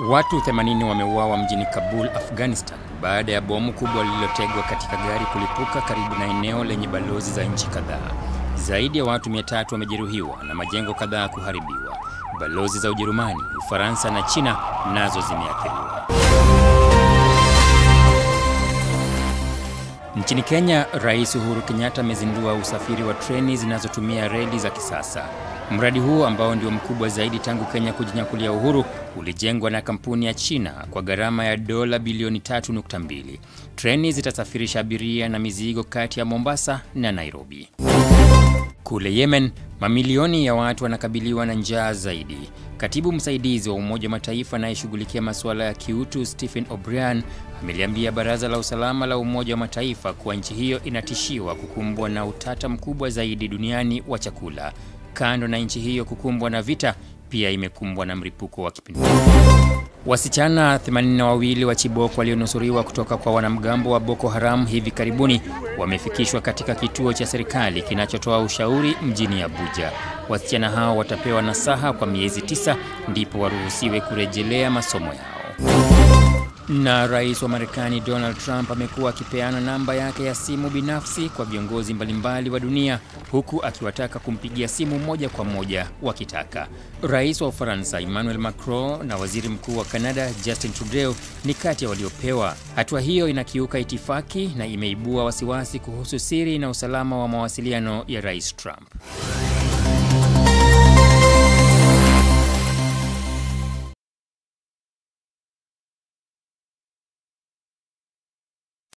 Watu 80 wameuawa mjini Kabul, Afghanistan baada ya bomu kubwa lililotegwa katika gari kulipuka karibu na eneo lenye balozi za nchi kadhaa. Zaidi ya watu 300 wamejeruhiwa na majengo kadhaa kuharibiwa. Balozi za Ujerumani, Ufaransa na China nazo zimeathiriwa. Nchini Kenya, Rais Uhuru Kenyatta amezindua usafiri wa treni zinazotumia reli za kisasa. Mradi huu ambao ndio mkubwa zaidi tangu Kenya kujinyakulia uhuru ulijengwa na kampuni ya China kwa gharama ya dola bilioni 3.2. Treni zitasafirisha abiria na mizigo kati ya Mombasa na Nairobi. Kule Yemen, mamilioni ya watu wanakabiliwa na njaa zaidi. Katibu msaidizi wa Umoja wa Mataifa anayeshughulikia masuala ya kiutu Stephen O'Brien ameliambia Baraza la Usalama la Umoja wa Mataifa kuwa nchi hiyo inatishiwa kukumbwa na utata mkubwa zaidi duniani wa chakula kando na nchi hiyo kukumbwa na vita, pia imekumbwa na mlipuko wa kipindupindu. Wasichana 82 wa Chibok walionusuriwa kutoka kwa wanamgambo wa Boko Haram hivi karibuni wamefikishwa katika kituo cha serikali kinachotoa ushauri mjini Abuja. Wasichana hao watapewa nasaha kwa miezi tisa ndipo waruhusiwe kurejelea masomo yao. Na rais wa Marekani Donald Trump amekuwa akipeana namba yake ya simu binafsi kwa viongozi mbalimbali wa dunia huku akiwataka kumpigia simu moja kwa moja wakitaka. Rais wa Ufaransa Emmanuel Macron na waziri mkuu wa Kanada Justin Trudeau ni kati ya waliopewa. Hatua hiyo inakiuka itifaki na imeibua wasiwasi kuhusu siri na usalama wa mawasiliano ya Rais Trump.